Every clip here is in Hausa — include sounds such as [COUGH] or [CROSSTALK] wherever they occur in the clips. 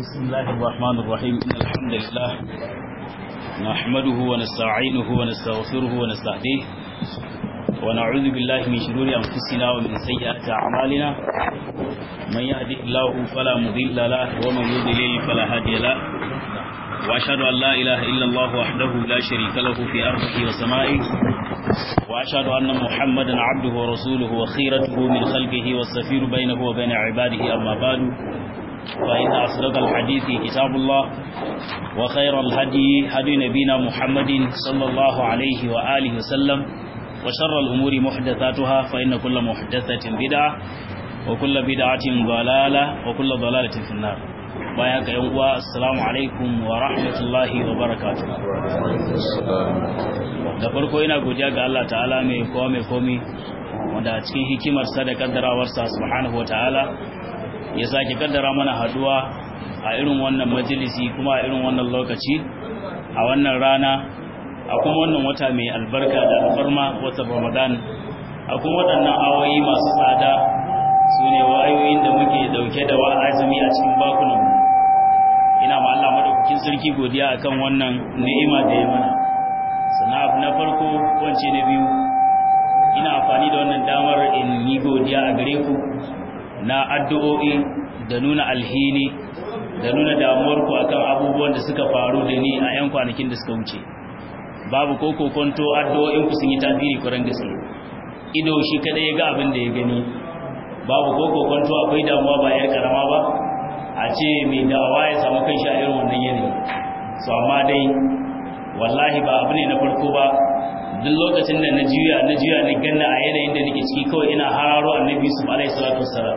بسم الله الرحمن الرحيم إن الحمد لله نحمده ونستعينه ونستغفره ونستهديه ونعوذ بالله من شرور أنفسنا ومن سيئات أعمالنا من يهدي الله فلا مضل له ومن يضلل فلا هادي له وأشهد أن لا إله إلا الله وحده لا شريك له في أرضه وسمائه وأشهد أن محمدا عبده ورسوله وخيرته من خلقه والسفير بينه وبين عباده أما بعد فإن أصدق الحديث كتاب الله وخير الهدي هدي نبينا محمد صلى الله عليه وآله وسلم وشر الأمور محدثاتها فإن كل محدثة بدعة وكل بدعة ضلالة وكل ضلالة في النار بايعك يوم السلام عليكم ورحمة الله وبركاته da farko ina godiya ga Allah ta'ala mai kowa mai komi wanda a cikin hikimarsa da kaddarawarsa subhanahu wa ta'ala ya sake kaddara mana haduwa a irin wannan majalisi kuma a irin wannan lokaci a wannan rana a kuma wannan wata mai albarka da alfarma wata ramadan a kuma waɗannan awayi masu tsada su ne wayoyin da muke dauke da wa'azumi a cikin bakunan ina ma Allah madaukakin sarki godiya akan wannan ni'ima da ya mana sannan abu na farko wance na biyu ina amfani da wannan damar in yi godiya a gare ku na addu'o'i da nuna alhini da nuna damuwarku akan abubuwan da suka faru da ni a 'yan kwanakin da suka wuce babu ko kokonto addu'o'inku sun yi tafiri kuran gaske ido shi kada ya ga abin da ya gani babu ko kokonto akwai damuwa ba yar karama ba a ce mai dawa ya samu kan sha wannan yanayi su amma dai wallahi ba abu ne na farko ba duk lokacin da na juya na juya ne ganna a yanayin da nake ciki kawai ina hararo annabi su alaihi salatu wassalam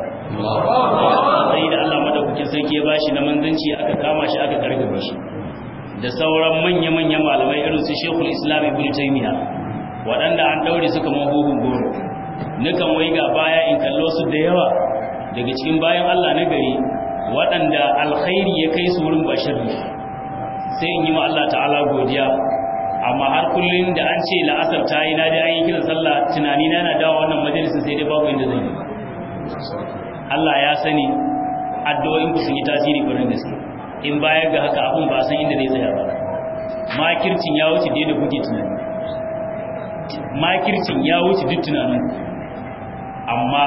sai da Allah madaukakin sarki ya bashi na manzanci aka kama shi aka karbe shi da sauran manya-manya malamai irin su Sheikhul islam ibn taymiya waɗanda an daure suka mahuhun goro nukan wai ga baya in kallo su da yawa daga cikin bayan Allah na gari waɗanda alkhairi ya kai su wurin bashir sai in yi ma Allah ta'ala godiya amma har kullum da an ce la'asar ta yi na ji an yi kira sallah tunani na na dawo wannan majalisin sai dai babu inda zai yi Allah ya sani addu'o'in ku sun yi tasiri gurin gaske in bayar ga haka abun ba san inda zai tsaya ba makircin ya wuce da kuke tunani makircin ya wuce duk tunanin amma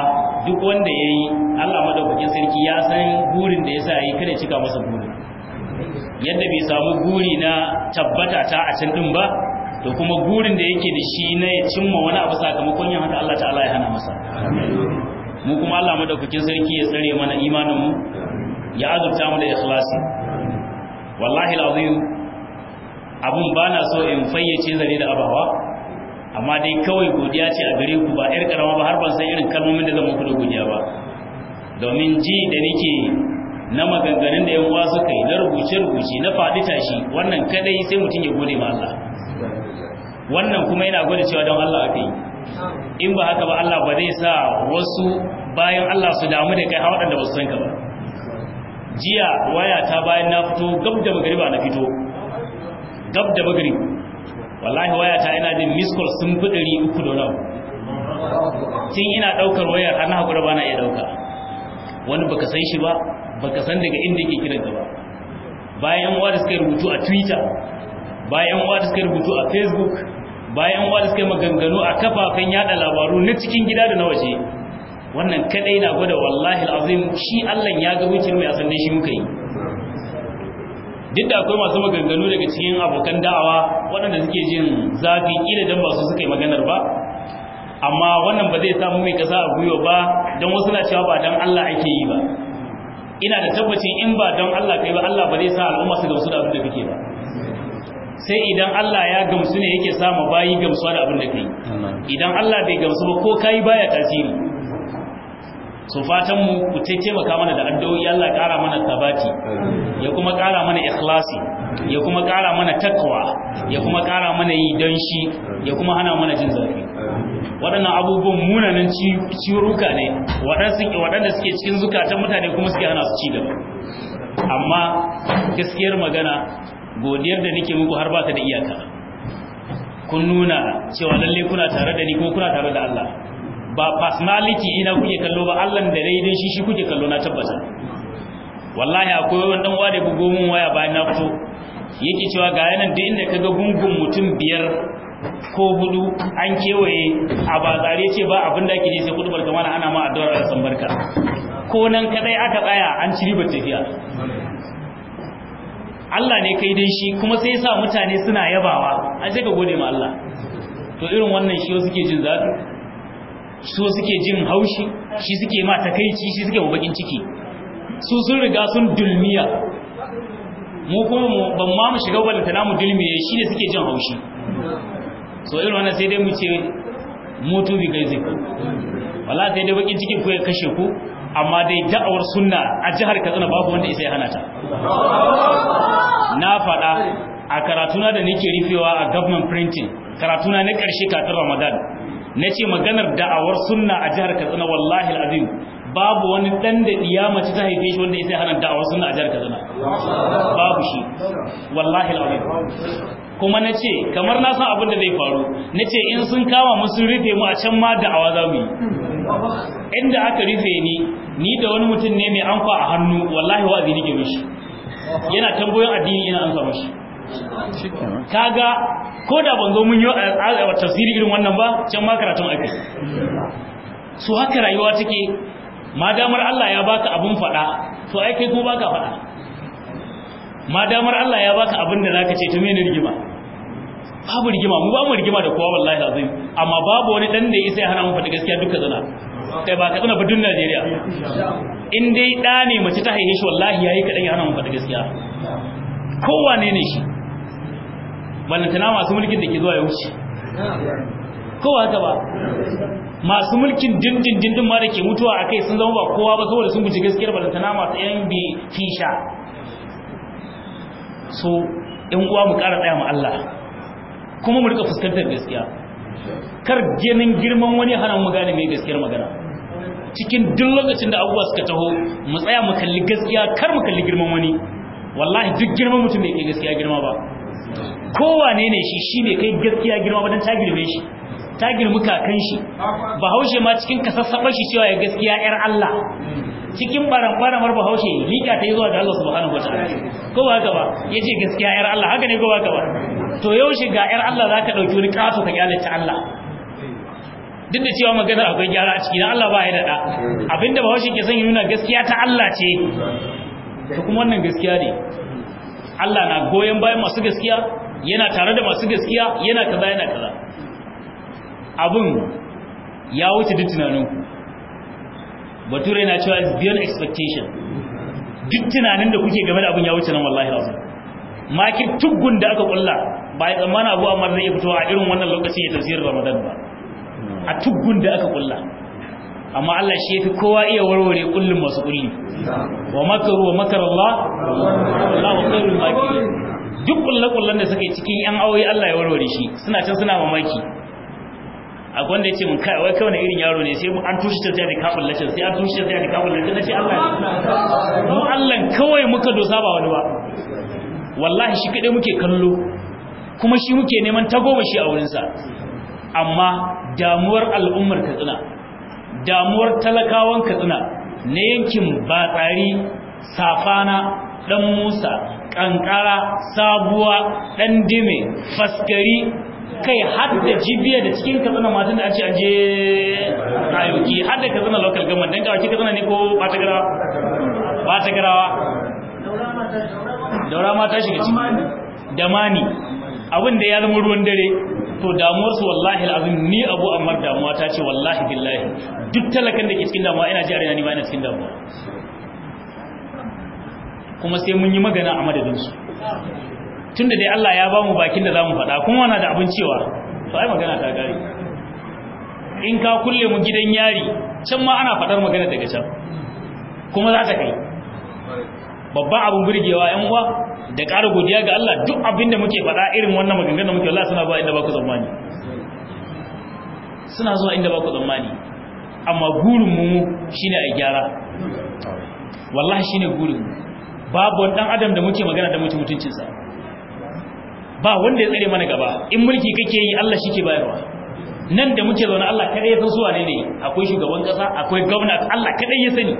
duk wanda ya yi Allah madaukakin sarki ya san burin da ya sa yi kada cika masa burin yadda bai samu guri na tabbata ta a can din ba to kuma gurin da yake da shi na ya cimma wani abu sakamakon yin haka Allah ta'ala ya hana masa mu kuma Allah madaukakin sarki ya tsare mana imanin mu ya azurta mu da ikhlasi wallahi alazim abun bana so in fayyace zare da abawa amma dai kawai godiya ce a gare ku ba yar karama ba har ban san irin kalmomin da zan muku da godiya ba domin ji da nake na maganganun da yawa suka yi na rubuce-rubuce na faɗi tashi wannan kadai sai mutum ya gode ma Allah wannan kuma yana gode cewa don Allah aka yi in ba haka ba Allah ba zai sa wasu bayan Allah su damu da kai waɗanda ba su san ka ba jiya waya ta bayan na fito gab da magariba na fito gab da magari wallahi waya ta yana jin miss sun fi ɗari uku da nan. tun ina ɗaukar wayar har na haƙura ba na iya ɗauka wani baka san shi ba baka san daga inda yake kiran ka ba bayan uwa da suka rubutu a twitter bayan uwa da suka rubutu a facebook bayan uwa da suka maganganu a kafafen yada labaru na cikin gida da na waje wannan kadai na gwada wallahi alazim shi Allah ya ga mutum mai asan shi muka yi duk da akwai masu maganganu daga cikin abokan da'awa waɗanda suke jin zafi kila dan ba su suka yi maganar ba amma wannan ba zai samu mai kasa a gwiwa ba don wasu na cewa ba dan Allah ake yi ba ina da tabbacin in ba don Allah kai ba Allah ba zai sa al'umma su gamsu da abin da kake ba sai idan Allah ya gamsu ne yake samu bayi gamsuwa da abin da kai idan Allah bai gamsu ba ko kai baya tasiri so fatan mu ku taimaka mana da addu'o'i Allah kara mana tabati ya kuma ƙara mana ikhlasi ya kuma ƙara mana takwa ya kuma ƙara mana yi don shi ya kuma hana mana jin zafi waɗannan abubuwan munanan ciwuruka ne waɗanda suke cikin zukatan mutane kuma suke hana su ci gaba amma gaskiyar magana godiyar da nake muku har ba ta da iyaka kun nuna cewa lalle kuna tare da ni kuma kuna tare da Allah ba personality ina kuke kallo ba Allah da dai shi shi kuke kallo na tabbata wallahi akwai wani dan ware bugo mun waya bayan na fito yake cewa ga yanan da inda kaga gungun mutum biyar ko hudu an kewaye a bazare ce ba abin da ake je sai kudubar kama ana ma addu'ar Allah san barka ko nan kadai aka tsaya an ci ribar tafiya Allah ne kai dan shi kuma sai sa mutane suna yabawa an sai ka gode ma Allah to irin wannan shi suke jin zafi su suke jin haushi shi suke ma takaici shi suke bakin ciki su sun riga sun dulmiya mu kuma ban ma mu shiga balantana mu dulmiye shi ne suke jin haushi so irin wannan sai dai mu ce mutu bi gaizi ku wala sai dai bakin cikin ku ya kashe ku amma dai da'awar sunna a jihar Katsina babu wanda isa ya hana ta na faɗa a karatuna da nake rufewa a government printing karatuna na ƙarshe kafin Ramadan na ce maganar da'awar sunna a jihar Katsina wallahi alazim babu wani dan da mace ta haife shi wanda isa ya hana da'awar sunna a jihar Katsina babu shi wallahi alazim kuma na ce kamar na san abin da zai faru na ce in sun kama musu rufe mu a can ma da awa za mu yi inda aka rufe ni ni da wani mutum ne mai anfa a hannu wallahi wa'azi nake mishi yana tambayoyin addini ina ansa mishi kaga ko da ban zo mun yi tafsiri irin wannan ba can ma karatun ake su haka rayuwa take ma damar Allah ya baka abun faɗa to ai kai kuma baka faɗa ma damar Allah ya baka abin da zaka ce ta mene rigima babu rigima mu ba mu rigima da kowa wallahi azim amma babu wani dan da yasa ya hana mu fata gaskiya duka zana kai ba ka tsana ba dun Najeriya in dai da ne mace ta haihe shi wallahi yayi kadan ya hana mu fata gaskiya kowane ne shi tana masu mulkin da ke zuwa ya wuce kowa haka ba masu mulkin dindindin ma da ke mutuwa a kai sun zama ba kowa ba saboda sun guji gaskiyar tana masu yan bi fisha so yan uwa mu kara tsaya mu Allah kuma mu rika fuskantar gaskiya kar ganin girman wani hana mu gane mai gaskiyar magana cikin duk lokacin da abubuwa suka taho mu tsaya mu kalli gaskiya kar mu kalli girman wani wallahi duk girman mutum bai kai gaskiya girma ba kowane ne shi shi bai kai gaskiya girma ba don ta girme shi ta girmi kakan shi ba haushe ma cikin kasassaɓar shi cewa ya gaskiya 'yar Allah cikin baran marba bahaushe liƙa ta yi zuwa ga Allah subhanahu wa ta'ala ko ba haka ba ya ce gaskiya yar Allah haka ne ko ba haka ba to yau ga yar Allah za ka ɗauki wani ƙato ka kyale ta Allah duk da cewa maganar akwai gyara a ciki Allah ba ya daɗa abinda bahaushe ke son yi nuna gaskiya ta Allah ce to kuma wannan gaskiya ne Allah na goyon bayan masu gaskiya yana tare da masu gaskiya yana kaza yana kaza abun ya wuce duk tunaninku bature na cewa is beyond expectation duk tunanin da kuke game da abin ya wuce nan wallahi lazim ki tuggun da aka kulla ba ya tsammana abu amma zai fito a irin wannan lokacin ya tafsirin ramadan ba a tuggun da aka kulla amma Allah shi yafi kowa iya warware kullum masu kulli wa makaru wa makar Allah wa khairul makirin duk kullakullan da suke cikin yan awoyi Allah ya warware shi suna can suna mamaki a wanda yace mun kai wai kai wani irin yaro ne sai mu an tushe ta da ka kullace sai an tushe ta sai kafin na nace Allah mu Allah kawai muka dosa ba wani ba wallahi shi kadai muke kallo kuma shi muke neman tagoma shi a wurin sa amma damuwar al'ummar Katsina damuwar talakawan Katsina na yankin batsari safana dan Musa kankara sabuwa dan dime faskari kai hadda jibiya da cikin katsina matan da ake ce aje ayoki hadda katsina local government don kawaki katsina ne ko ba garawa garawa daura ma ta shiga ciki da mani abin da ya zama ruwan dare to damuwar su wallahi al'azim ni abu mar damuwa ta ce wallahi billahi duk talakan da ke cikin damuwa ina ji a ni ma ina cikin damuwa kuma sai mun yi magana a madadinsu tunda dai Allah ya ba mu bakin da za mu faɗa kuma wana da abin cewa to ai magana ta gari in ka kulle mu gidan yari can ma ana faɗar magana daga can kuma za ta kai babban abin burgewa yan uwa da ƙara godiya ga Allah duk abin da muke faɗa irin wannan maganganun muke Allah suna zuwa inda ba ku tsammani suna zuwa inda ba ku tsammani amma gurin mu shine a gyara wallahi shine gurin babu wani dan adam da muke magana da mutuncinsa ba wanda ya tsare mana gaba in mulki kake yi Allah shi ke bayarwa nan da muke zaune Allah kadai ya san su wane ne akwai shugaban kasa akwai gwamna Allah kadai ya sani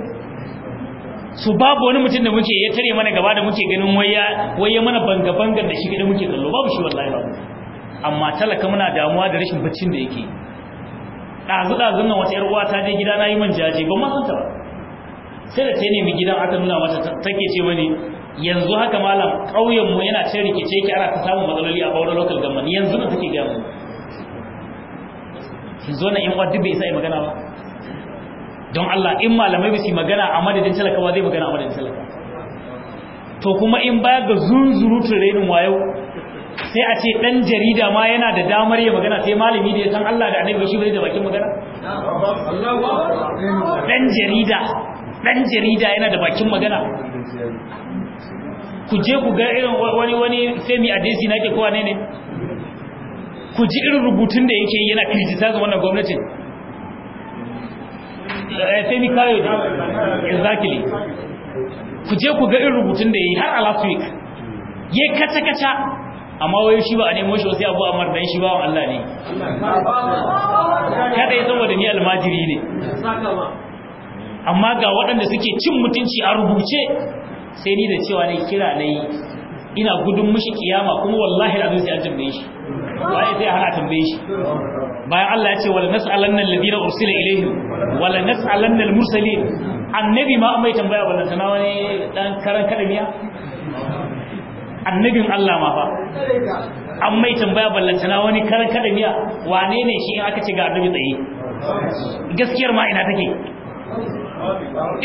su babu wani mutum da muke ya tare mana gaba da muke ganin waya waya mana banga bangan da shi kadai muke kallo babu shi wallahi babu amma talaka muna damuwa da rashin baccin da yake dazu dazun nan wata yar uwa ta je gida na yi man jaje ban ma san ta ba sai da ta nemi gidan aka nuna mata take ce mani yanzu haka malam ƙauyen mu yana cin rikice ki ana ta samun matsaloli a bauran local government yanzu nan take gaya mu zo na in wadda bai sai magana ba don Allah in malamai ba su magana a madadin talakawa zai magana a madadin talaka to kuma in baya ga zunzurutun renin wayo sai a ce dan jarida ma yana da damar ya magana sai malami da ya san Allah da annabi shi bai da bakin magana dan jarida dan jarida yana da bakin magana ku je ku ga irin wani wani femi adesi na ke kowa ne ne ku ji irin rubutun da yake yana kirjita ga wannan gwamnatin eh, femi kayo ne exactly ku je ku ga irin rubutun da yake har a last week ya kaca-kaca amma wai shi ba a nemo shi wasu abu a mardan shi ba wa Allah ne kada ya saboda ni almajiri ne amma ga waɗanda suke cin mutunci a rubuce sai ni da cewa ne kira na yi ina gudun mishi kiyama kuma wallahi da sai ajin tambaye shi waye sai hana tambaye shi bayan Allah ya ce wala nas'alanna alladhina ursila ilaihim wala nas'alanna almursalin annabi ma mai tambaya wala sana wani dan karan kadamiya annabin Allah ma fa an mai tambaya na wani karan kadamiya wane ne shi in aka ce ga annabi tsaye gaskiyar ma ina take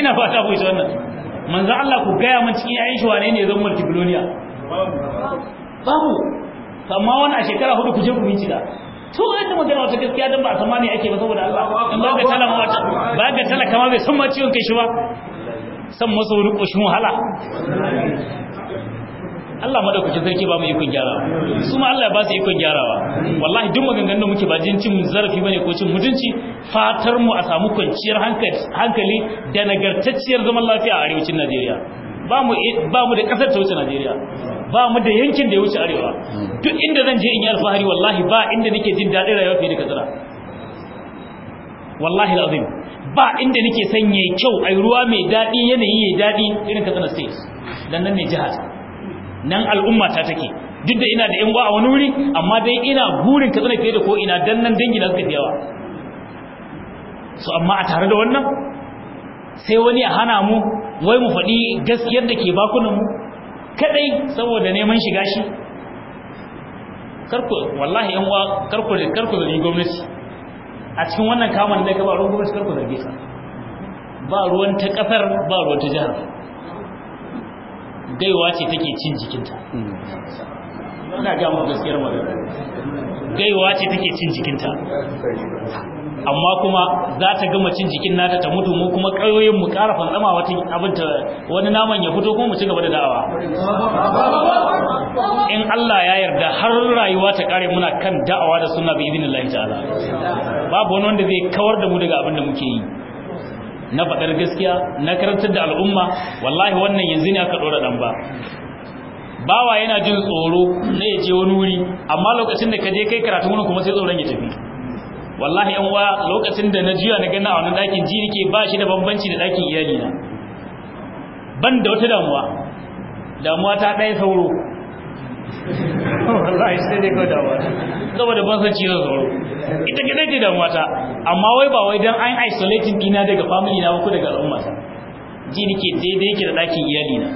ina fata ku ji wannan manzo Allah ku gaya mun cikin ƴaƴan shi wane ne zan multibiloniya babu amma wani a shekara hudu ku je ku bincika to inda magana wata gaskiya dan ba a samani ake ba saboda Allah in ba ga talaka wata ba ga talaka ma bai san ma ciwon kai shi ba san masa wani koshin wahala Allah madaukakin sarki ba mu ikon gyara su ma Allah ba su ikon gyarawa wallahi duk maganganun da muke ba jin cin zarafi bane ko cin mutunci fatar mu a samu kwanciyar hankali da nagartacciyar zaman lafiya a arewacin Najeriya ba mu da kasar ta wuce Najeriya ba mu da yankin da ya wuce arewa duk inda zan je in yi alfahari wallahi ba inda nake jin daɗin rayuwa fiye da kasara wallahi lazim ba inda nake sanya kyau ai ruwa mai dadi yanayi yayi dadi irin kasar State dan nan ne jihar nan al'umma ta take duk da ina da yan uwa a wani wuri amma dai ina burin ka tsana fiye da ko ina dan nan dangi na suka fi yawa so amma a tare da wannan sai wani ya hana mu wai mu faɗi gaskiyar da ke bakunan mu kadai saboda neman shiga shi karku wallahi yan uwa karku da karku da gwamnati a cikin wannan kamar da ka ba ruwan gwamnati karku da gisa ba ruwan ta kasar ba ruwan ta jihar gaiwa ce take cin jikinta ina ga mu gaskiyar magana gaiwa ce take cin jikinta amma kuma za ta gama cin jikin nata ta mutu mu kuma ƙayoyin mu ƙara fanzama wata abin ta wani naman ya fito kuma mu ci gaba da da'awa in Allah ya yarda har rayuwa ta kare muna kan da'awa da sunna bi idinillahi ta'ala babu wani wanda zai kawar da mu daga abin da muke yi na faɗar gaskiya na karantar da al'umma wallahi wannan yanzu ne aka ɗora ɗan ba bawa yana jin tsoro na ya je wani wuri amma lokacin da ka je kai karatun wani kuma sai tsoron ya tafi wallahi yan uwa lokacin da na jiya na ganna a wannan ɗakin ji nake ba shi da bambanci da ɗakin iyali na ban da wata damuwa damuwa ta ɗaya sauro Oh, wallahi sai dai ko damuwa saboda ban san cizon tsoro ita kadai ce damuwa ta amma wai ba wai dan an isolating dina daga family na ko daga al'umma ta ji nake daidai yake da dakin iyali na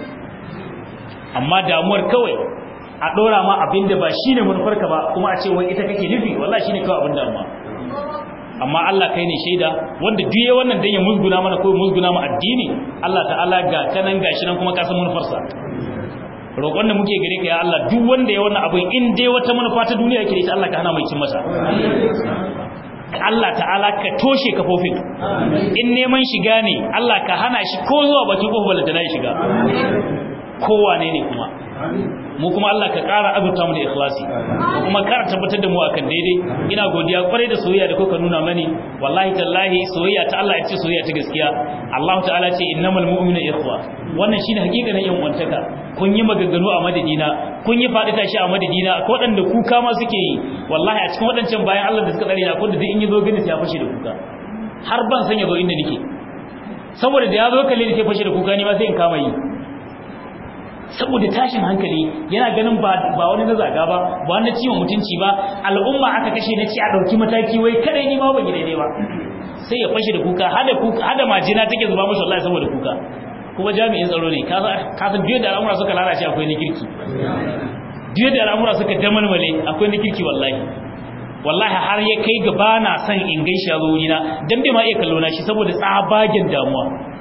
amma damuwar kawai a dora ma abinda ba shine manufarka ba kuma a ce wai ita kake nufi wallahi shine kawai abin damuwa amma Allah kai ne shaida wanda duk wannan dan ya musguna mana ko musguna mu addini Allah ta'ala ga kanan gashi nan kuma ka san farsa. roƙon da muke gare ka ya Allah duk wanda ya wannan abin in dai wata manufa ta duniya yake ita Allah ka hana mai cin masa Allah ta'ala ka toshe kafofin in neman shiga ne Allah ka hana shi ko zuwa bakin kofar da ta shiga kowa ne ne kuma mu kuma Allah ka ƙara azurta mu da ikhlasi mu kuma kar tabbatar da mu akan daidai ina godiya kwarai da soyayya da kuka nuna mani wallahi tallahi soyayya ta Allah ya ce soyayya ta gaskiya Allah ta'ala ce innamal mu'minu ikhwa wannan shine hakikanin yan wantaka. kun yi maganganu a madadina kun yi faɗi tashi a madadina ko waɗanda kuka ma suke yi wallahi a cikin waɗancan bayan Allah da suka tsare na kun da duk in yi zo gani sai ya fashe da kuka har ban san ya zo inda nake saboda da ya zo kalle da ke fashe da kuka ni ma sai in kama yi saboda tashin hankali yana ganin ba wani na zaga ba ba wani ciwon mutunci ba al'umma aka kashe na ci a ɗauki mataki wai kada ni ba wani daidai ba sai ya fashe da kuka hada majina take zuba masu Allah saboda kuka kuma jami'in tsaro ne kasan biyu da al'amura suka lalace akwai na kirki biyu da al'amura suka damalmale akwai na kirki wallahi wallahi har ya kai gaba na san in gaishe ya zo wurina dan bai ma iya kallo na shi saboda tsabagen damuwa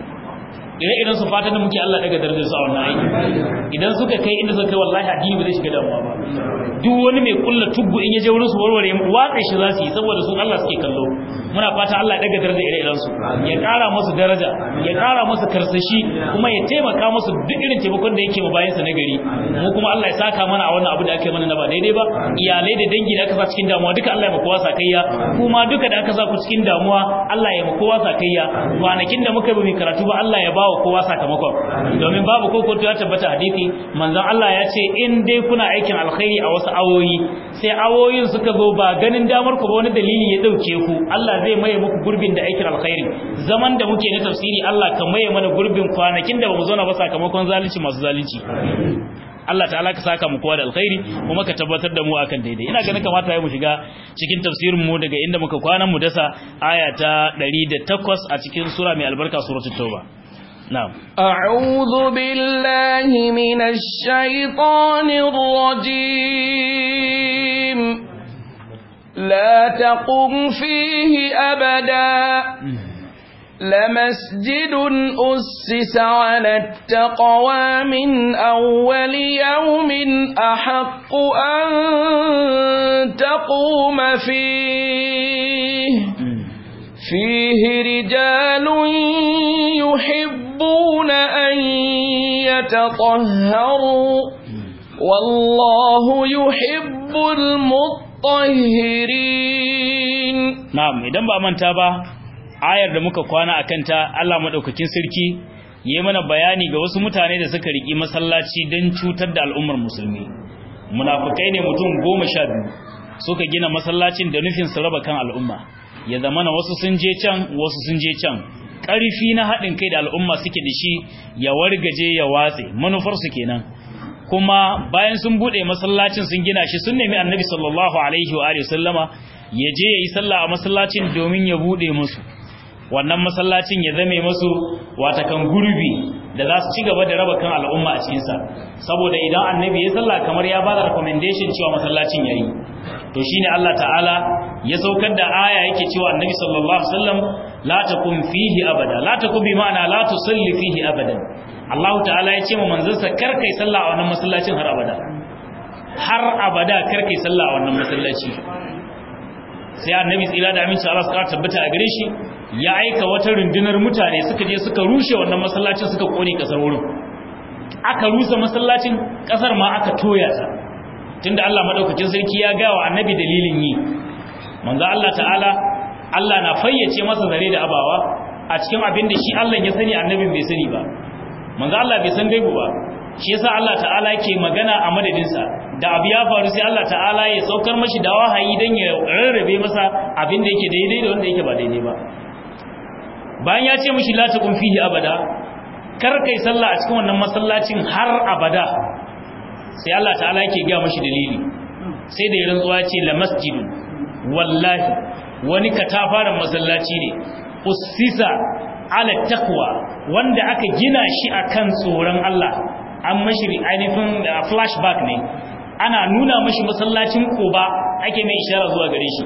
ire-iren su fatan da muke Allah daga darajar sa wannan aiki idan suka kai inda suka kai wallahi addini ba zai shiga damuwa ba duk wani mai kulla tubbu in ya je wurin su warware watsa shi za su yi saboda sun Allah suke kallo muna fata Allah daga darajar ire-iren su ya kara musu daraja ya kara musu karsashi kuma ya taimaka musu duk irin taimakon da yake ma bayan sa na gari mu kuma Allah ya saka mana a wannan abu da aka yi mana na ba daidai ba iyalai da dangi da aka sa cikin damuwa duka Allah ya maka wasa kaiya kuma duka da aka sa ku cikin damuwa Allah ya maka wasa kaiya kwanakin da muka bi karatu ba Allah ya ba wa kowa sakamakon domin babu ko kuntu ya tabbata hadisi manzon Allah ya ce in dai kuna aikin alkhairi a wasu awoyi sai awoyin suka zo ba ganin damar ku ba wani dalili ya dauke ku Allah zai maye muku gurbin da aikin alkhairi zaman da muke na tafsiri Allah ka maye mana gurbin kwanakin da bamu zo na ba sakamakon zalunci masu zalunci Allah ta'ala ka saka mu kowa da alkhairi kuma ka tabbatar da mu akan daidai ina ganin kamata mu shiga cikin tafsirin mu daga inda muka kwana mu dasa aya ta 108 a cikin sura mai albarka suratul tauba نعم أعوذ بالله من الشيطان الرجيم لا تقم فيه أبدا لمسجد أسس على التقوى من أول يوم أحق أن تقوم فيه فيه رجال يحب يحبون أن يتطهروا والله يحب المطهرين نعم idan ba manta ba ayar da muka kwana akan ta Allah maɗaukakin sarki ya yi mana bayani ga wasu mutane da suka riki masallaci don cutar da al'ummar musulmi munafikai ne mutum goma sha biyu, suka gina masallacin da nufin su raba kan al'umma ya zamana wasu sun je can wasu sun je can ƙarfi na haɗin kai da al'umma suke da shi ya wargaje ya watse manufarsu kenan kuma bayan sun buɗe masallacin sun gina shi sun nemi annabi sallallahu alaihi wa sallama ya je ya yi sallah a masallacin domin ya buɗe musu wannan masallacin ya zame musu watakan gurbi da za su ci gaba da raba kan al'umma a cikinsa saboda idan annabi ya sallah kamar ya ba da recommendation cewa masallacin ya yi to shine Allah ta'ala ya saukar da aya yake cewa annabi sallallahu alaihi wasallam la takun fihi abada la takun ma'ana la tusalli fihi abadan ta'ala ya ce ma manzansa kar kai sallah a wannan masallacin har abada har abada kar kai sallah a wannan masallaci sai annabi tsira da aminci Allah ka tabbata a gare shi ya aika wata rundunar mutane suka je suka rushe wannan masallacin suka kone kasar wurin aka rusa masallacin kasar ma aka toya ta tunda Allah maɗaukacin sarki ya ga wa annabi dalilin yi manzo Allah ta'ala Allah na fayyace masa zare da abawa a cikin abin da shi Allah ya sani annabin bai sani ba manzo Allah bai san gaibu ba shi yasa Allah ta'ala ke magana a madadin sa da abu ya faru sai Allah ta'ala ya saukar mashi da wahayi dan ya rarrabe masa abin da yake daidai da wanda yake ba daidai ba bayan ya ce mishi la taqum fihi abada kar kai sallah a cikin wannan masallacin har abada sai Allah ta'ala yake ga mashi dalili sai da ya rantsuwa ce la masjid wallahi wani katafaren masallaci ne usisa ala taqwa wanda aka gina shi akan tsoron Allah an mashi ainihin flashback ne ana nuna mashi masallacin koba ake mai ishara zuwa gare shi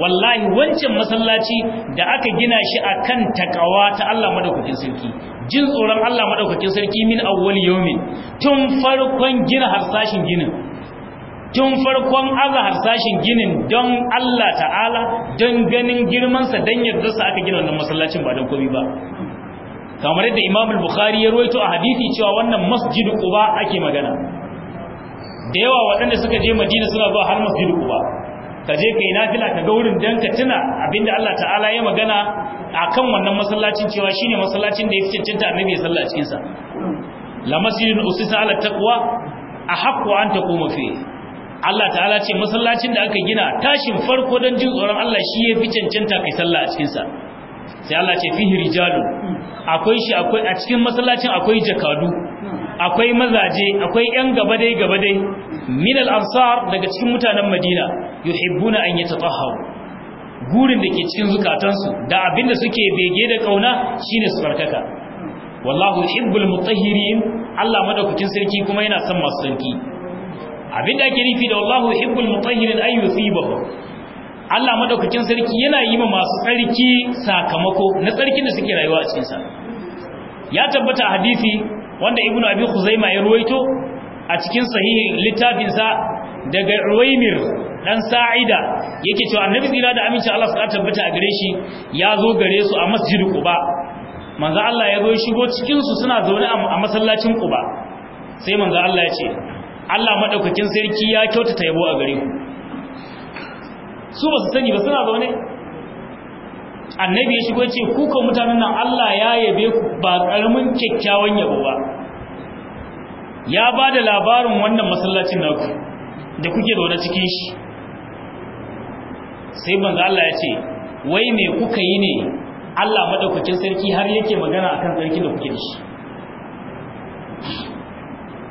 wallahi wancan masallaci da aka gina shi akan takawa ta Allah madaukakin sarki jin tsoron Allah madaukakin sarki min awwal yawmin tun farkon gina harsashin ginin tun farkon aza harsashin ginin don Allah ta'ala don ganin girmansa don yadda sa aka gina wannan masallacin ba don komi ba kamar yadda Imam bukhari ya ruwaito a hadisi cewa wannan Masjid Quba ake magana da yawa waɗanda suka je Madina suna zuwa har Masjid Quba ka je kai nafila ka ga wurin dan ka tuna abinda Allah ta'ala ya magana a kan wannan masallacin cewa shine masallacin da ya fi cancanta annabi ya salla cikin la masjidun usisa ala taqwa ahqqu an taquma fiye. Allah ta'ala ce masallacin da aka gina tashin farko don jin tsoron Allah shi ya fi cancanta kai sallah a cikinsa sai Allah ce fihi rijalu akwai shi akwai a cikin masallacin akwai jakadu akwai mazaje akwai yan gaba dai gaba dai min al-ansar daga cikin mutanen Madina yuhibbuna an yatatahharu gurin da ke cikin zukatansu da abinda suke bege da kauna shine su barkaka wallahu yuhibbul mutahhirin Allah madaukakin sarki kuma yana son masu sarki abinda ake nufi da wallahu hibbul mutahhirin yi yusibahu Allah madaukakin sarki yana yi ma masu tsarki sakamako na tsarkin da suke rayuwa a cikin sa ya tabbata a hadisi wanda ibnu abi khuzaima ya ruwaito a cikin sahihin littafinsa daga ruwaimir dan sa'ida yake cewa annabi tsira da aminci Allah suka tabbata a gare shi ya zo gare su a masjid quba manzo Allah ya zo shigo cikin su suna zaune a masallacin quba sai manzo Allah ya ce Allah maɗaukakin sarki ya kyautata yabo a gare ku su ba su sani ba suna zaune annabi ya shigo ce kuka mutanen nan Allah ya yabe ku ba ƙaramin kyakkyawan yabo ba ya ba da labarin wannan masallacin naku da kuke zaune cikin shi sai manzo Allah ya ce wai me kuka yi ne Allah maɗaukakin sarki har yake magana akan sarki da kuke da shi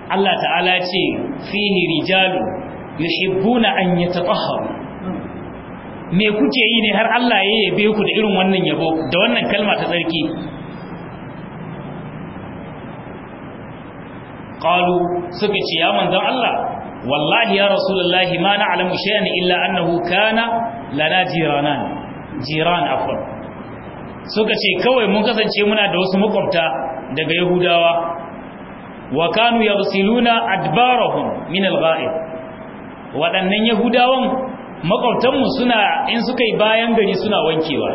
Allah ta'ala ce fihi rijalu yuhibbuna an yatatahharu me kuke yi ne har Allah ya yabe ku da irin wannan yabo da wannan kalma ta tsarki qalu suka ce ya manzon Allah wallahi ya rasulullahi ma na'lamu shay'an illa annahu kana lana jiranan jiran afwan suka ce kawai mun kasance muna da wasu makwabta daga yahudawa wa kanu yabsiluna adbarahum min al waɗannan yahudawan makwabtanmu suna in suka yi bayan gari suna wankewa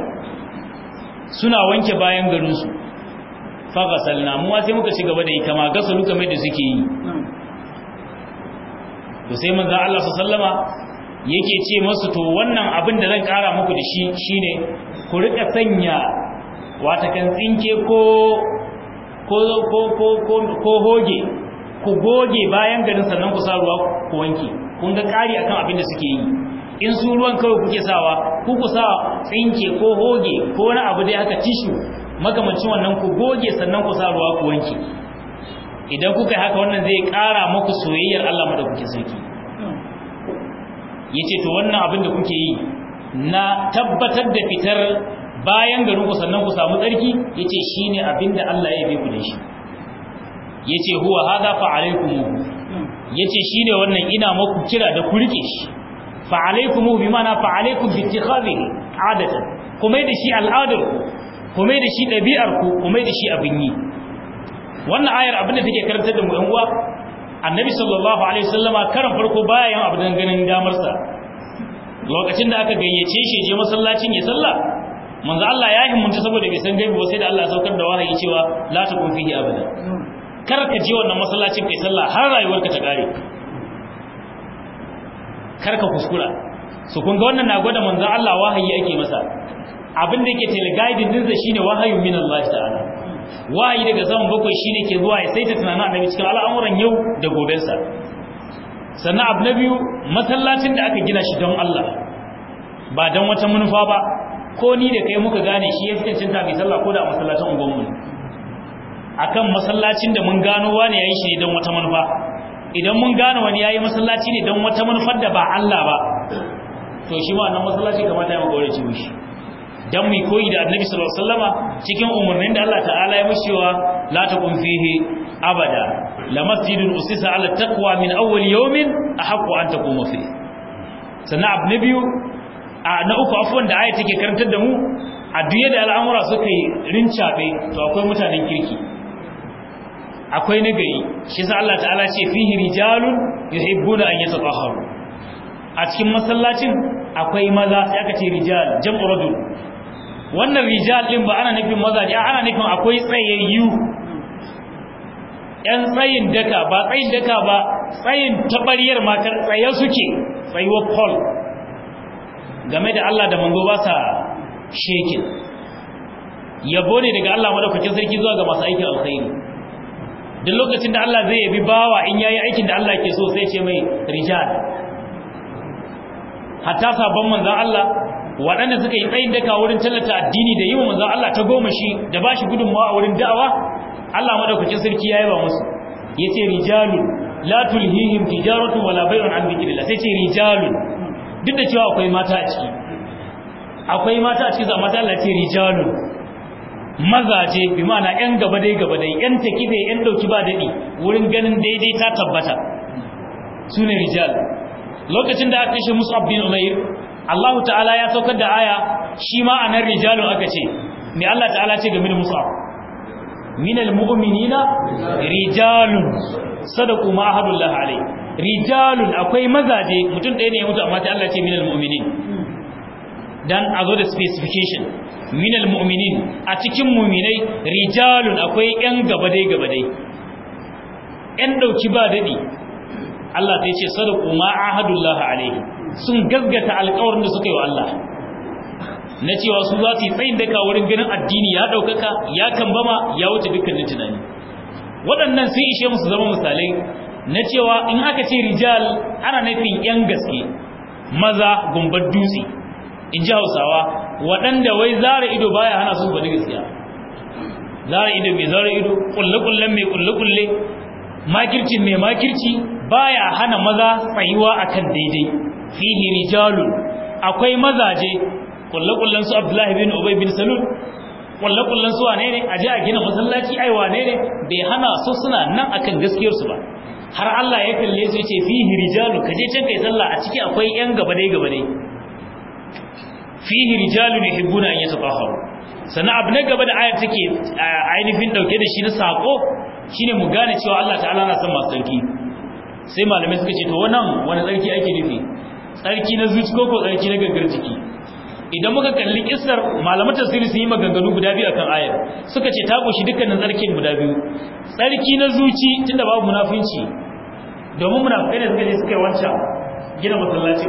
suna wanke bayan garinsu fagasal na muwa sai muka shiga da kama gasa gasalu kamar da suke yi to sai manzan Allah su sallama yake ce masu to wannan abin da zan kara muku da shi shine ku rika sanya watakan tsinke ko ko ko ko ko hoge ku goge bayan garin sannan ku sa ruwa ku wanke kun ga kari akan abin da suke yi in su ruwan kawai kuke sawa ku ku sa tsinke ko hoge ko wani abu dai haka tishu makamancin wannan ku goge sannan ku sa ruwa ku wanke idan kuka haka wannan zai kara muku soyayyar Allah kuke sarki yace to wannan abin da kuke yi na tabbatar da fitar bayan garin ku sannan ku samu tsarki ya ce shi ne abinda Allah ya bi ku da shi Ya ce huwa hada Ya ce shi ne wannan ina maku kira da ku rike shi fa alaikum bi mana fa alaikum bi ittikhadhihi kuma da shi al'adar ku kuma da shi ɗabi'ar ku kuma da shi abin yi wannan ayar abinda take karantar da mu yan uwa annabi sallallahu alaihi wasallama karan farko bayan abin ganin damarsa. lokacin da aka gayyace shi je masallacin ya salla manzo Allah ya himmunta saboda bai san gaibi ba sai da Allah ya saukar da wahayi cewa la kun fihi abada kar ka je wannan masallacin kai sallah har rayuwar ka ta kare kar ka kuskura so kun ga wannan na gwada manzo Allah wahayi ake masa abin da yake teleguiding din sa shine wahayi min Allah ta'ala wahayi daga zaman bakwai shine ke zuwa ya saita tunanin annabi cikin al'amuran yau da goben sa sannan abu na biyu masallacin da aka gina shi don Allah ba don wata manufa ba ko ni da kai muka gane shi ya fi cancanta mai sallah ko da a masallacin unguwanmu akan masallacin da mun gano wani ya yi shi ne don wata manufa idan mun gane wani ya yi masallaci ne don wata manufar da ba Allah ba to shi ma wannan masallaci kamata ya yi gore ciwo shi dan mu koyi da annabi sallallahu alaihi wasallama cikin umurnin da Allah ta'ala ya wa, la taqum fihi abada la masjidun usisa ala taqwa min awwal yawmin ahqqu an taquma fihi sannan abu na biyu a na uku afuwan da aya take karantar da mu a duye da al'amura suka yi rincaɓe to akwai mutanen kirki akwai nagari shi sa Allah ta'ala ce fihi rijalun yuhibbuna an yatatahharu a cikin masallacin akwai maza sai aka ce rijal jam'u rajul wannan rijal din ba ana nufin maza ne ana nufin akwai tsayayyu yan tsayin daka ba tsayin daka ba tsayin tabariyar makar tsaye suke tsayuwar Paul game da Allah da mango ba sa shekin yabo ne daga Allah madaukakin sarki zuwa ga masu aikin alkhairi duk lokacin da Allah zai yabi bawa in yayi aikin da Allah ke so sai ce mai rijal hatta sabon manzon Allah waɗanda suka yi tsayin daka wurin tallata addini da yi wa manzon Allah ta goma shi da ba shi gudunmawa a wurin da'awa Allah madaukakin sarki yayi ba musu yace rijalun la tulhihim tijaratu wala bay'un an dhikrillah sai ce rijalun duk da cewa akwai mata a ciki akwai mata a ciki za mata lati ce mazaje bi ma'ana yan gaba dai gaba dai yan taki dai yan dauki ba dadi wurin ganin daidai ta tabbata sune rijal lokacin da aka shi Mus'ab bin Umair Allah ta'ala ya saukar da aya shi ma anan Rijalu aka ce me Allah ta'ala ce game da Mus'ab minal mu'minina rijalun sadaku ma ahadullahi alai rijalun akwai mazaje mutum ɗaya ne ya mutu amma sai Allah ce minal mu'minin dan a zo da specification minal mu'minin a cikin mu'minai rijalun akwai yan gaba dai, yan dauki ba dadi Allah ta ce sadaku ma ahadullahi alai sun gaggata alƙawarin da suka yi wa Allah na cewa su za su yi tsayin daka wurin ganin addini ya ɗaukaka ya kambama ya wuce dukkanin tunani waɗannan sun ishe musu zama misalai na cewa in aka ce rijal ana nufin yan gaske maza gumbar dutse in ji hausawa waɗanda wai zara ido baya hana su faɗi gaskiya zara ido mai zara ido ƙulle-ƙullen mai ƙulle-ƙulle makirci mai makirci baya hana maza tsayuwa kan daidai fihi rijalun akwai mazaje ƙulle-ƙullen su abdullahi bin ubay bin salul kullakullan su wane ne a je a gina masallaci ai wane ne bai hana su suna nan akan gaskiyar su ba har Allah ya kalle su yace fihi ka je can kai sallah a ciki akwai yan gaba dai gaba dai fihi rijalu yuhibbuna an yatahharu sana abu na gaba da ayar take ainihin dauke da shi na sako shine mu gane cewa Allah ta'ala na son masu sarki sai malamai suka ce to wannan wani tsarki ake nufi sarki na zuci ko ko tsarki na gaggar jiki idan muka kalli kissar malamai tafsiri sun yi maganganu guda biyu akan ayar suka ce ta kushi dukkanin tsarkin guda biyu tsarki na zuci tunda babu munafunci domin munafukai ne suka je suka yi wancan gina masallaci,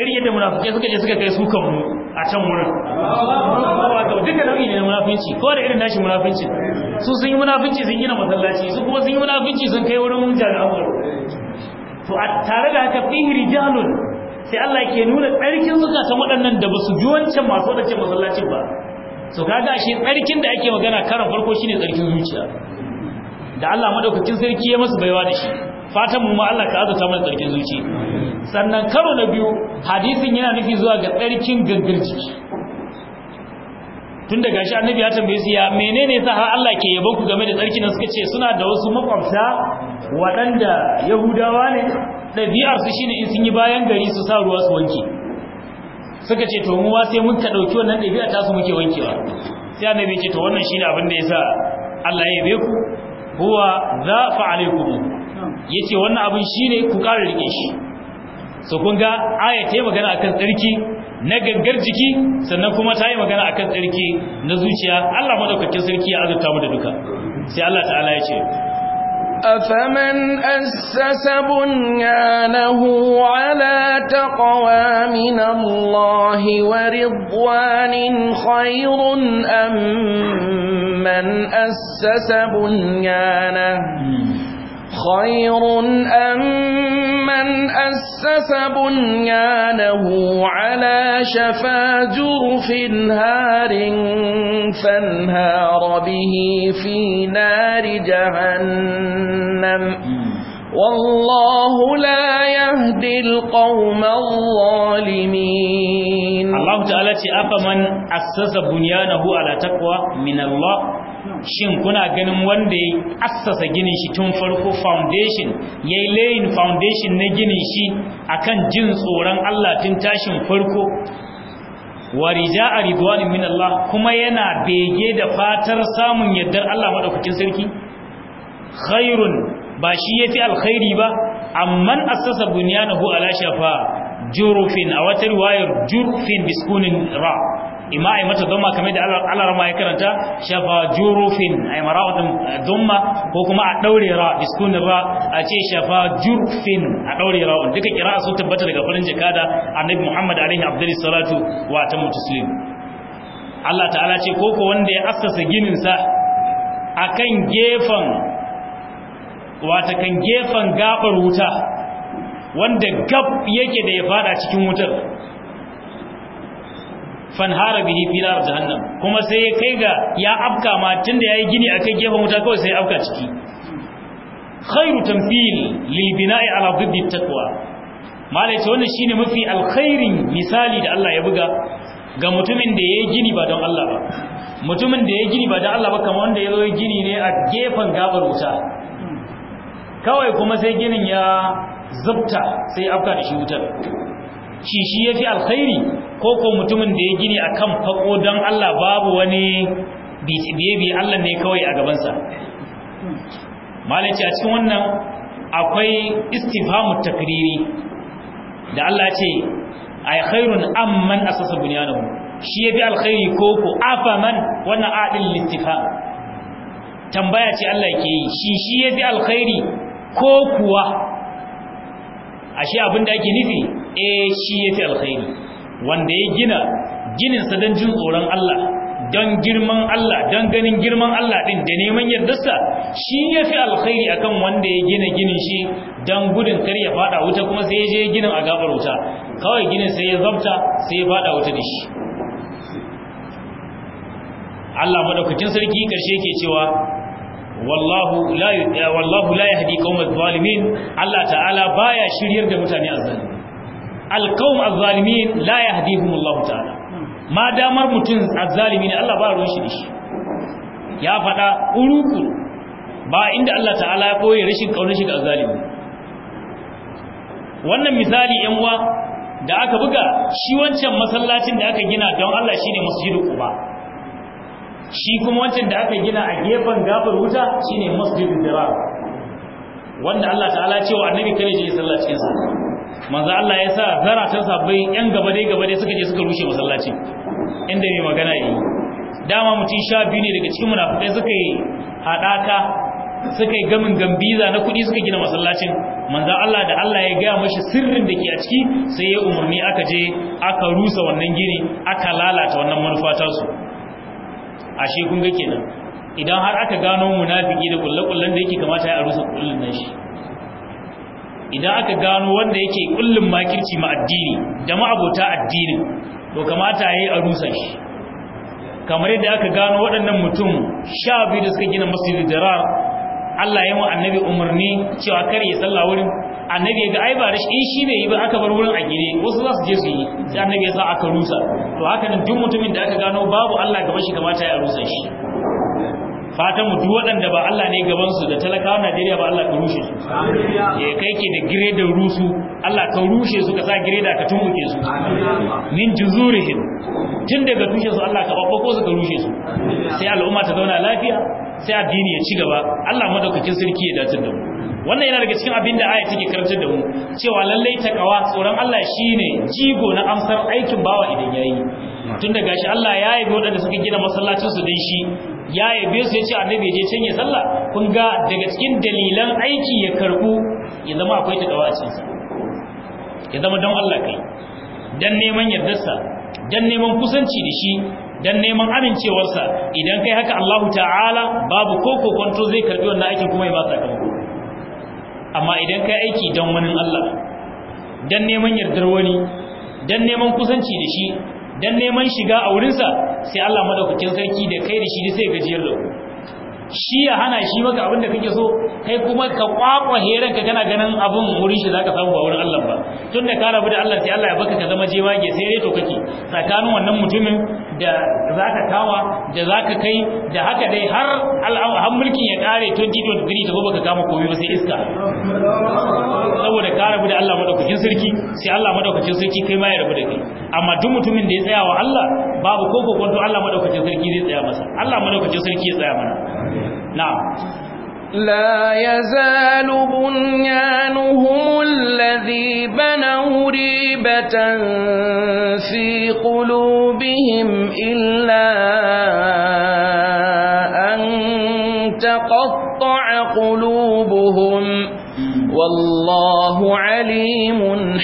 irin yadda munafukai suka je suka kai su kan mu a can wurin wato duka nau'i ne na munafunci ko da irin nashi munafinci su sun yi munafunci sun gina masallaci su kuma sun yi munafunci sun kai wurin jami'an to a tare da haka fihi rijalun sai Allah yake nuna tsarkin zukatan waɗannan da basu su ji wancan masu wadace masallacin ba so kaga shi tsarkin da ake magana karan farko shine tsarkin zuciya da Allah madaukakin sarki ya masu baiwa da shi fatan mu ma Allah ka azata mana tsarkin zuciya. sannan karo na biyu hadisin yana nufi zuwa ga tsarkin gangar jiki tun da gashi annabi ya tambaye su ya menene yasa har Allah ke yabon ku game da tsarki nan suka ce suna da wasu makwabta waɗanda yahudawa ne ɗabi'ar su shine in sun yi bayan gari su sa ruwa su wanke suka ce to mu wa sai mun ta ɗauki wannan ɗabi'a ta su muke wankewa sai annabi ce to wannan shine abin da yasa Allah ya yabe ku huwa zafa alaikum yace wannan abin shine ku ƙara rike shi so kun ga aya ta yi magana akan tsarki na gaggar jiki sannan kuma ta yi magana akan tsarki na zuciya Allah madaukakin sarki ya azurta mu da duka sai Allah ta'ala ya ce أفمن أسس بنيانه على تقوى من الله ورضوان خير أم من أسس بنيانه خير أم من أسس بنيانه على شفا جرف هار فانهار به في نار جهنم والله لا يهدي القوم الظالمين الله تعالى من أسس بنيانه على تقوى من الله shin kuna ganin wanda ya assasa ginin shi tun farko foundation ya yi layin foundation na ginin shi akan jin tsoron Allah tun tashin farko rija a ridwanin min Allah kuma yana bege da fatar samun yardar Allah maɗaukacin sarki khairun ba shi ya fi alkhairi ba amman assasa na ala shafa jurufin a wata riwayar jurufin biskunin ra ima ai mata dumma kamar da Allah rama ya karanta shafa jurufin ai mara'udin dumma ko kuma a daure ra biskun ra a ce shafa jurfin a daure ra duka kira sun tabbata daga farin jakada annabi Muhammad alaihi afdalis salatu wa tamu taslim Allah ta'ala ce koko wanda ya assasa ginin sa akan gefen wata kan gefen gabar wuta wanda gab yake da ya fada cikin wutar fanhara bihi fi nar jahannam kuma sai ya kai ga ya afka ma tunda yayi gini akai gefen wuta kawai sai ya afka ciki khairu tamthil lil bina'i ala dhibbi taqwa malai ce wannan shine mafi alkhairin misali da Allah ya buga ga mutumin da yayi gini ba don Allah ba mutumin da yayi gini ba don Allah ba kamar wanda yazo gini ne a gefen gabar wuta kawai kuma sai ginin ya zubta sai afka da shi wutar shi shi ya fi alkhairi ko ko mutumin da ya gini a kan fako don Allah babu wani biye-biye Allah ne kawai a gabansa malaci a cikin wannan akwai istifamu takriri da Allah ce a yi khairun amman sassa buniyanu shi ya fi alkhairi ko ko afaman wannan adin littifa. tambaya ce Allah ke yi shi shi ya fi alkhairi ko kuwa ashe abin da ake nufi eh shi fi alkhairi wanda ya gina gininsa sa don jin tsoron Allah don girman Allah don ganin girman Allah din da neman yardarsa shi yafi alkhairi akan wanda ya gina ginin shi don gudun kar ya fada wuta kuma sai ya je ginin a gabar wuta kawai ginin sai ya zabta sai ya fada wuta da shi Allah madaukakin sarki karshe ke cewa wallahu la wallahu la yahdi qaumadh zalimin Allah ta'ala baya shiryar da mutane azzalimi alqawm azzalimin la Allah ta'ala ma damar mutum azalimi ne Allah ba ruwan shi dishi ya fada uruku ba inda Allah ta'ala ya koyi rashin kaunar shi ga azzalimi wannan misali yan uwa da aka buga shi wancan masallacin da aka gina don Allah shine masjidu quba shi kuma wancan da aka gina a gefen gabar wuta shine masjidu dirar wanda Allah ta'ala ce wa annabi kare je sallacinsa manzo Allah ya sa zaratan sabbai yan gaba dai gaba dai suka je suka rushe masallaci inda mai magana yi dama mutum sha biyu ne daga cikin munafikai suka yi hadaka suka yi gamin gambiza na kuɗi suka gina masallacin manzo Allah da Allah ya gaya mashi sirrin da ke a ciki sai ya umarni aka je aka rusa wannan gini aka lalata wannan manufa su ashe kun ga kenan idan har aka gano munafiki da kullakullan da yake kamata ya rusa kullun nan shi idan aka gano wanda yake kullum makirci ma addini da ma'abota addinin to kamata yayi a rusa shi kamar yadda aka gano waɗannan mutum sha biyu da suka gina masjidul dirar Allah ya wa annabi umarni cewa kar ya salla wurin annabi ga ai ba rashi in shi bai yi ba aka bar wurin a gine wasu za su je su yi sai annabi ya sa aka rusa to haka nan duk mutumin da aka gano babu Allah gaba shi kamata ya rusa shi fatan mutu waɗanda ba Allah ne gaban su da talakawa Najeriya ba Allah ka rushe su ya kai ke da giredar rusu Allah ka rushe su ka sa gireda ka tumbuke su min juzurihim tun daga tushe su Allah ka babbako su ka rushe su sai al'umma ta zauna lafiya sai addini ya ci gaba Allah madaukakin sarki ya dace da mu wannan yana daga cikin abin da aya take karantar da mu cewa lallai takawa tsoron Allah shine jigo na amsar aikin bawa idan yayi tun daga shi Allah ya yi waɗanda suka gina masallacin su dai shi ya yabe su ya ce annabi je canye sallah kun ga daga cikin dalilan aiki ya karbu ya zama akwai takawa a cikinsa ya zama don Allah kai dan neman yardarsa dan neman kusanci da shi dan neman amincewarsa idan kai haka Allahu ta'ala babu koko kwanto zai karbi wannan aikin kuma ya ba sakamako amma idan kai aiki dan wani Allah dan neman yardar wani dan neman kusanci da shi dan neman shiga a wurinsa sai Allah madaukakin sarki da kai da shi sai gajiyar da ku shi ya hana shi maka abin da kake so kai kuma ka kwakwa heran ka kana ganin abin wurin shi zaka samu ba wurin Allah ba tunda ka rabu da Allah sai Allah ya baka ka zama jewage sai dai to kake tsakanin wannan mutumin da za ka kawa da za ka kai da haka dai har har mulkin ya kare 2023 ta gobe ka kama komai ba sai iska saboda ka rabu da Allah madaukakin sarki sai Allah madaukakin sarki kai ma ya rabu da kai amma duk mutumin da ya tsaya wa Allah babu ko kokonto Allah madaukakin sarki zai tsaya masa Allah madaukakin sarki ya tsaya mana na'am لا يزال بنيانهم الذي بنوا ريبة في قلوبهم إلا أن تقطع قلوبهم والله عليم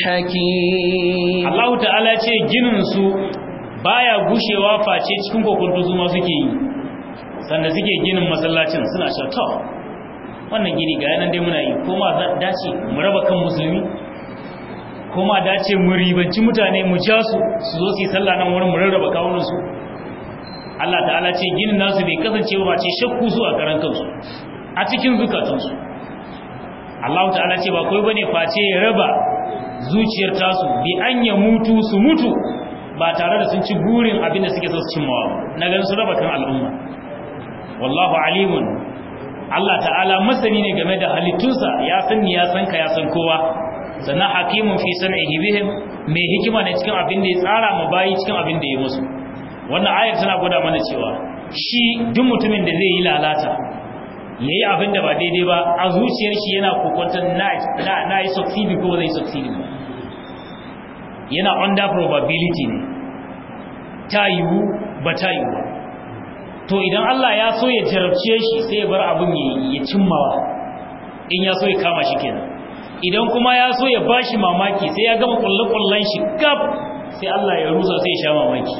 حكيم الله تعالى ce ginin su baya gushewa face cikin kokuntu su ma suke yi sannan suke ginin masallacin suna sha wannan gini ga yanan dai muna yi ko ma dace mu raba kan musulmi ko ma dace mu ribanci mutane mu ja su su zo su yi sallah nan wurin mu rarraba kawunan su Allah ta'ala ce ginin nasu bai kasance ba ce shakku su a karan kansu a cikin zukatansu Allah ta'ala ce ba kai bane face ya raba zuciyar tasu bi an ya mutu su mutu ba tare da sun ci burin abin da suke so su cimmawa na ganin su raba kan al'umma wallahu alimun Allah ta'ala masani ne game da halittunsa ya san ni ya san ka ya san kowa sannan hakimun fi sam'ihi bihim mai hikima ne cikin abin da ya tsara mu bayi cikin abin da ya musu wannan ayar tana gwada mana cewa shi duk mutumin da zai yi lalata yayi yi abin da ba daidai ba a zuciyar shi yana kokonta na yi succeed ko zai succeed ba yana under probability ne ta yiwu ba ta yiwu ba to idan Allah ya so ya jarabce shi sai ya bar abin ya cimmawa in ya so ya kama shi kenan idan kuma ya so ya bashi mamaki sai ya gama kullukullan shi gab sai Allah ya rusa sai ya sha mamaki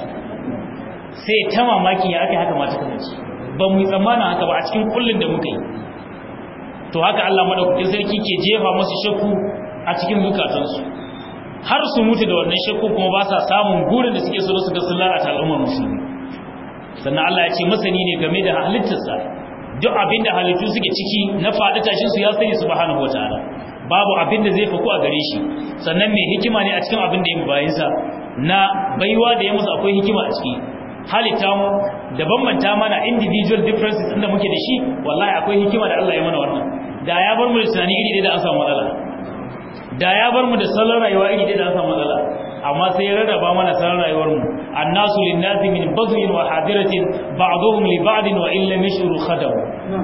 sai ta mamaki ya aka haka mata kasance ba mu tsammana haka ba a cikin kullun da muka yi to haka Allah madaukakin sarki ke jefa musu shakku a cikin su har su mutu da wannan shakku kuma ba sa samun gurin da suke so su ga sallar a al'ummar musulmi sannan Allah ya ce masani ne game da halittarsa duk abin da halittu suke ciki na faɗi tashin su ya sani subhanahu wataala babu abin da zai faku a gare shi sannan mai hikima ne a cikin abin da ya sa na baiwa da ya musu akwai hikima a ciki halitta mu da bambanta mana individual differences inda muke da shi wallahi akwai hikima da Allah ya mana wannan da ya bar mu da tunani iri da an samu matsala da ya bar mu da salon rayuwa iri da an samu matsala amma sai ya rada ba mana san rayuwar mu annasu linnasi min bazlin wa hadiratin ba'dhum li ba'din wa illa mishru khadam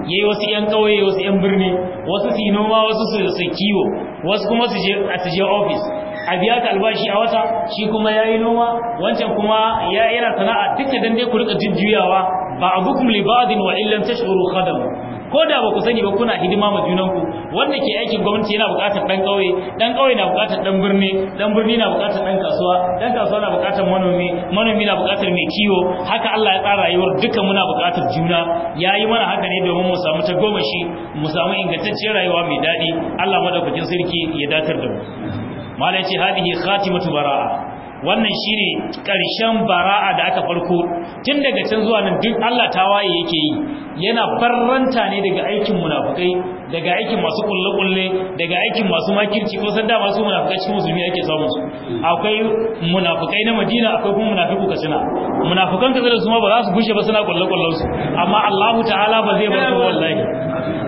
yayi wasu yan kauye wasu yan birni wasu su noma wasu su kiwo wasu kuma su je a su je office a biya ka albashi a wata shi kuma yayi noma wancan kuma ya yana sana'a duka dan dai ku rika jujjuyawa ba'dhum li ba'din wa illa tashuru khadam ko da ba ku sani ba kuna hidima ma junanku wanda ke aikin gwamnati yana buƙatar dan ƙauye dan ƙauye na buƙatar dan birni dan birni na buƙatar dan kasuwa dan kasuwa na buƙatar manomi manomi na buƙatar mai kiwo haka Allah ya tsara rayuwar duka muna buƙatar juna yayi mana haka ne domin mu samu ta goma shi mu samu ingantacciyar rayuwa mai daɗi Allah madaukakin sarki ya datar da mu mala yace hadihi khatimatu bara'a wannan shine karshen bara'a da aka farko tun daga can zuwa nan duk Allah ta tawaye yake yi yana farranta ne daga aikin munafukai daga aikin masu kulle-kulle daga aikin masu makirci ko sanda da masu munafikai cikin musulmi ake samu su akwai munafikai na Madina akwai kuma munafiku Katsina munafikan Katsina su ma ba za su gushe ba suna kulle-kullen su amma Allahu ta'ala ba zai bar su wallahi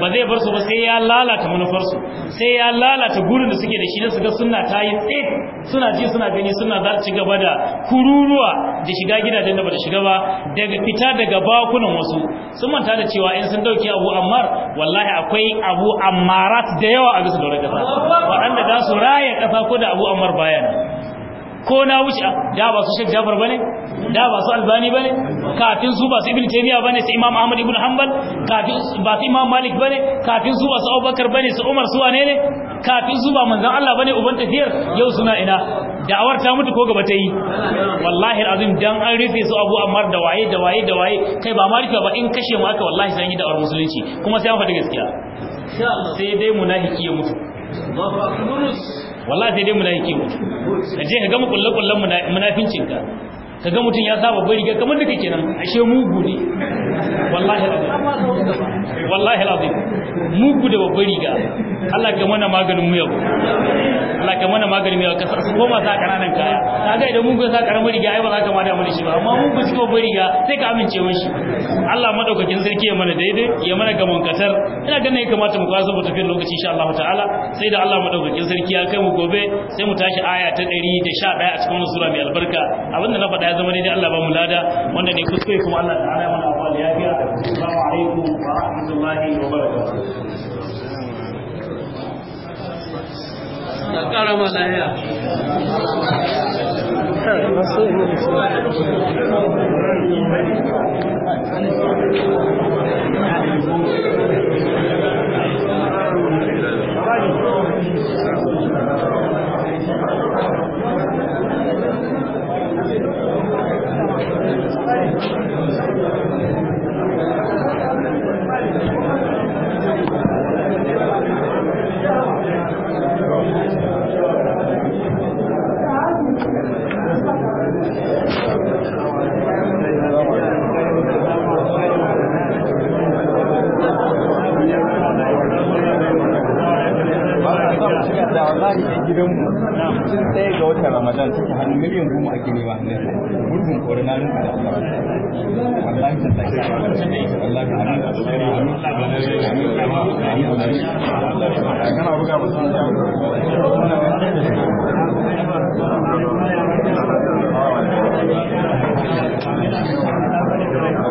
ba zai bar su ba sai ya lalata manufar su sai ya lalata gurin da suke da shi da su ga sunna ta yi tsit suna ji suna gani suna za ci gaba da kururuwa da shiga gidajen da ba da shiga ba daga fita daga bakunan wasu sun manta da cewa in sun dauki Abu Ammar wallahi akwai abu ammarat da yawa a bisa doron kasa waɗanda za su raya ƙasa ko da abu ammar bayan ko na wuce da ba su shek ba bane da ba su albani bane kafin su ba su ibn taymiya bane su imam ahmad ibn hanbal kafin ba su imam malik bane kafin su ba su abubakar bane su umar su wane ne kafin su ba manzon allah bane uban tafiyar yau suna ina da'awar ta mutu ko gaba ta yi wallahi azim dan an rufe su abu ammar da waye da waye da waye kai ba ma rufe ba in kashe mu aka wallahi san yi da'awar musulunci kuma sai an faɗi gaskiya sai dai munafiki ya mutu wallahi sai dai munafiki ya mutu ka je ka gama kullakullan munafincin munafincinka kaga mutum ya saba bari ga kamar duka kenan ashe mugu ne wallahi alazim wallahi alazim mugu da babbar riga Allah ka mana maganin mu yau Allah ka mana maganin mu yau ka ma sa kananan kaya ga idan mugu sa karamar riga ai ba za ka ma da mun shi ba amma mugu shi babbar riga sai ka amince shi. Allah madaukakin sarki ya mana daidai ya mana gamon kasar ina ganin ya kamata mu kwaso mu tafi lokaci insha Allah ta'ala sai da Allah madaukakin sarki ya kai mu gobe sai mu tashi aya ta 111 a cikin sura mai albarka abinda na faɗa faɗa zama daidai Allah ba mu lada wanda ne kuskure kuma Allah ta ya mana da yafiya assalamu alaikum wa rahmatullahi wa barakatuh [LAUGHS] Amen. gidanmu mu tsaye ga watan ramadan suka hannu miliyan goma ake a hannun gurbin kore na rinka da Allah wallahi ta tsaki wallahi amin amin amin amin amin